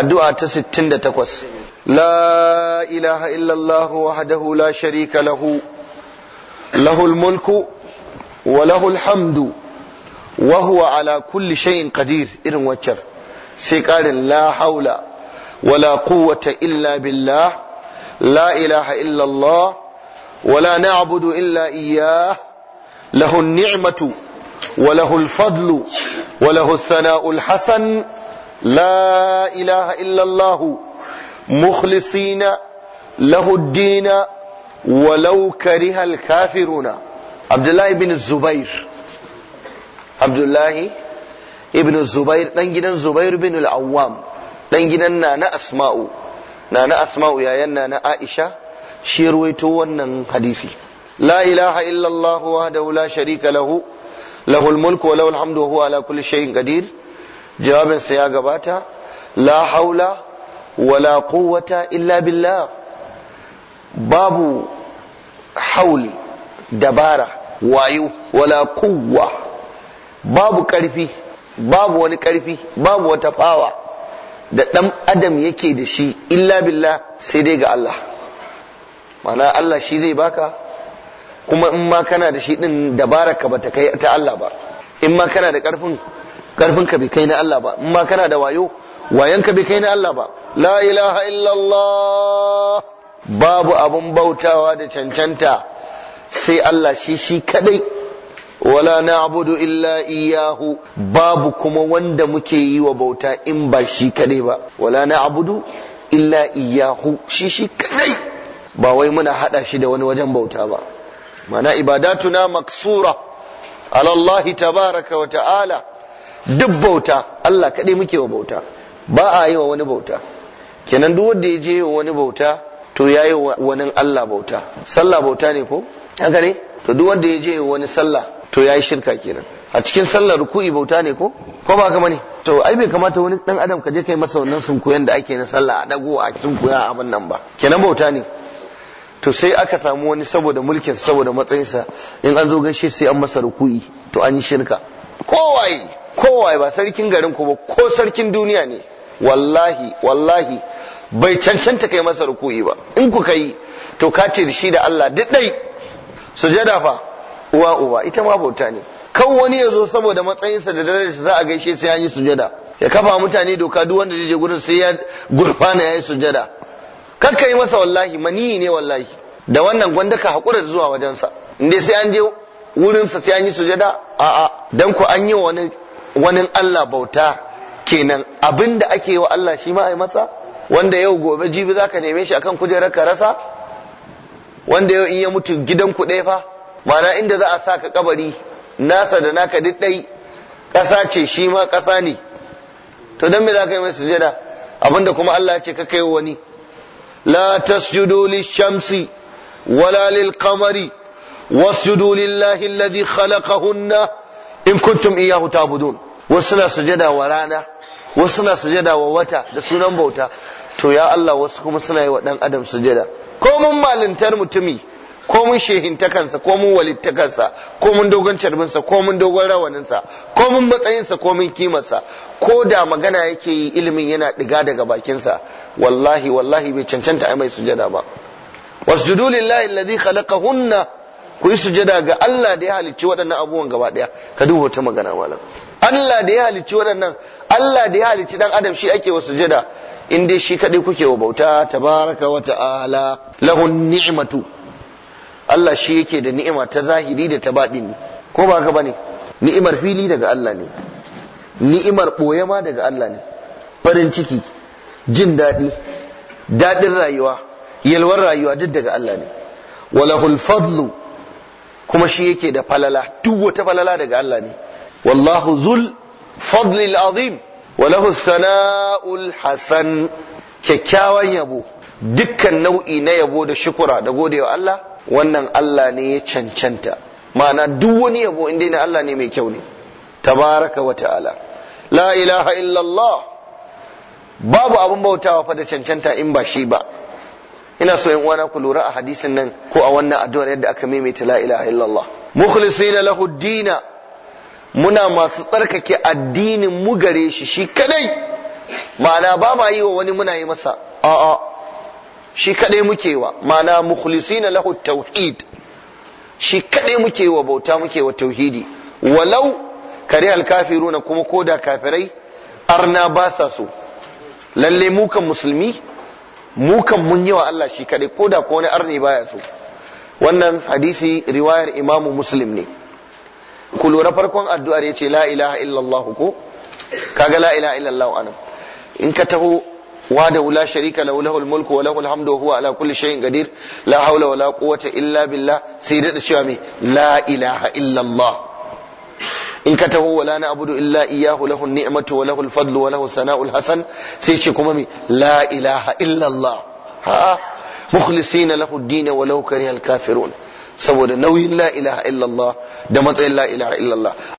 addu'a ta 68 la ilaha illallah wahdahu la sharika lahu lahul mulku wa lahul hamdu wa huwa ala kulli shay'in qadir irin waccar sai karin la haula wala quwwata illa billah la ilaha illallah ولا نعبد إلا إياه له النعمة وله الفضل وله الثناء الحسن la ilaha illallahu mukhlisina lahuddina walau karihal kafiruna abdullahi ibn zubair abdullahi ibn zubair dan gidan zubair bin al-awwam dan gidan na na asma'u na na asma'u yayan na na aisha shi wannan hadisi la ilaha illallah wahdahu la sharika lahu lahul mulku wa hamdu wa ala kulli shay'in qadir jawabinsa ya gabata la haula wala quwwata illa billah babu haul dabara wayo wala quwwa babu karfi babu wani karfi babu wata fawa da dan adam yake da shi illa billah sai dai ga Allah mana Allah shi zai baka kuma in ma kana da shi din bata kai ta Allah ba in ma kana da karfin karfinka bai kai na Allah ba in ma kana da wayo wayanka bai kai na Allah ba la ilaha illallah babu abun bautawa da cancanta sai Allah shi shi kadai wala na'budu illa iyyahu babu kuma wanda muke yi wa bauta in ba shi kadai ba wala na'budu illa iyyahu shi shi kadai ba wai muna hada shi da wani wajen bauta ba mana ibadatuna maksura ala Allah tabaraka wa ta'ala duk bauta Allah kaɗai muke wa bauta ba a yi wa wani bauta kenan duk wanda ya je wa wani bauta to ya yi wa wani Allah bauta sallah bauta ne ko haka ne to duk wanda ya je wa wani sallah to ya yi shirka kenan a cikin sallah ruku'i bauta ne ko ko ba haka ne to ai bai kamata wani dan adam ka je kai masa wannan sunkuyan da ake na sallah a dago a sunkuya abin nan ba kenan bauta ne to sai aka samu wani saboda mulkin saboda matsayinsa in an zo ganshi sai an masa ruku'i to an yi shirka kowaye kowa ba sarkin garin ku ba ko sarkin duniya ne wallahi wallahi bai cancanta kai masa rukuyi ba in ku kai to ka ce shi da Allah duk dai sujada fa uwa uba ita ma bauta ne kan wani ya zo saboda matsayinsa da sa za a gaishe sai an yi sujada ya kafa mutane doka duk wanda je gurin sai ya gurfana ya yi sujada kan yi masa wallahi maniyi ne wallahi da wannan gwanda ka haƙura zuwa wajensa inda sai an je wurinsa sai an yi sujada a'a dan ku an yi wani wani Allah bauta kenan abin da ake wa Allah shi ma a masa wanda yau gobe jibi za ka neme shi akan kujerar ka rasa wanda yau in ya mutu gidan ku ɗaya fa ma'ana inda za a sa ka kabari nasa da naka duk ɗai ƙasa ce shi ma ƙasa ne to don me za ka yi mai sujada da kuma Allah ce ka kai wani la tasjudu lishamsi wala lil qamari wasjudu lillahi alladhi khalaqahunna in kuntum iyahu ta'budun wasu suna sujada wa rana wasu suna sujada wa wata da sunan bauta to ya Allah wasu kuma suna yi wa dan adam sujada ko mun malintar mutumi ko mun kansa ko mun kansa ko mun dogon carbinsa ko mun dogon rawaninsa ko mun matsayinsa ko mun kimarsa ko da magana yake yi ilimin yana diga daga bakinsa wallahi wallahi bai cancanta a mai sujada ba wasjudu lillahi alladhi khalaqahunna ku yi sujada ga Allah da ya halicci waɗannan abubuwan gaba ɗaya ka duba wata magana malam Allah da ya halicci waɗannan Allah da ya halicci dan adam shi ake wa sujada in dai shi kaɗai kuke wa bauta tabaraka wa ta'ala lahun ni'matu Allah shi yake da ni'ima ta zahiri da ta baɗi ne ko ba haka bane ni'imar fili daga Allah ne ni'imar ɓoyama daga Allah ne farin ciki jin daɗi daɗin rayuwa yalwar rayuwa duk daga Allah ne walahul fadlu kuma shi yake da falala duk wata falala daga Allah ne wallahu zul fadlil azim wa lahu sana'ul hasan kyakkyawan yabo dukkan nau'i na yabo da shukura da godewa Allah wannan Allah ne ya cancanta ma'ana duk wani yabo inda ne Allah ne mai kyau ne tabaraka wa ta'ala la ilaha illallah babu abin bautawa fa da cancanta in ba shi ba ina so yan uwana ku lura a hadisin nan ko a wannan addu'ar yadda aka maimaita la ilaha illallah mukhlisina lahu dina muna masu tsarkake addinin mu gare shi shi kadai ma'ana ba ma yi wa wani muna yi masa a'a shi kadai muke wa ma'ana mukhlisina lahu tauhid shi kadai muke wa bauta muke wa tauhidi walau kare alkafiruna kuma koda kafirai arna ba sa so lalle mu kan musulmi mukan mun yi wa Allah shi kaɗai ko da kowani arni baya so wannan hadisi riwayar imamu muslim ne ku lura farkon addu'ar ya ce la ilaha illallah ko kaga la ilaha illallah anan in ka taho wa da wula sharika la lahul mulku wa lahul hamdu huwa ala kulli shay'in qadir la hawla wa la quwwata illa billah sai da cewa me la ilaha illallah in ka taho wala na abudu illa iyahu lahu ni'matu wa lahu al-fadlu wa sana'ul hasan sai ce kuma mi la ilaha illa Allah ha mukhlisina lahu ad wa lahu kafirun saboda nauyin la ilaha illa Allah da matsayin la ilaha illa Allah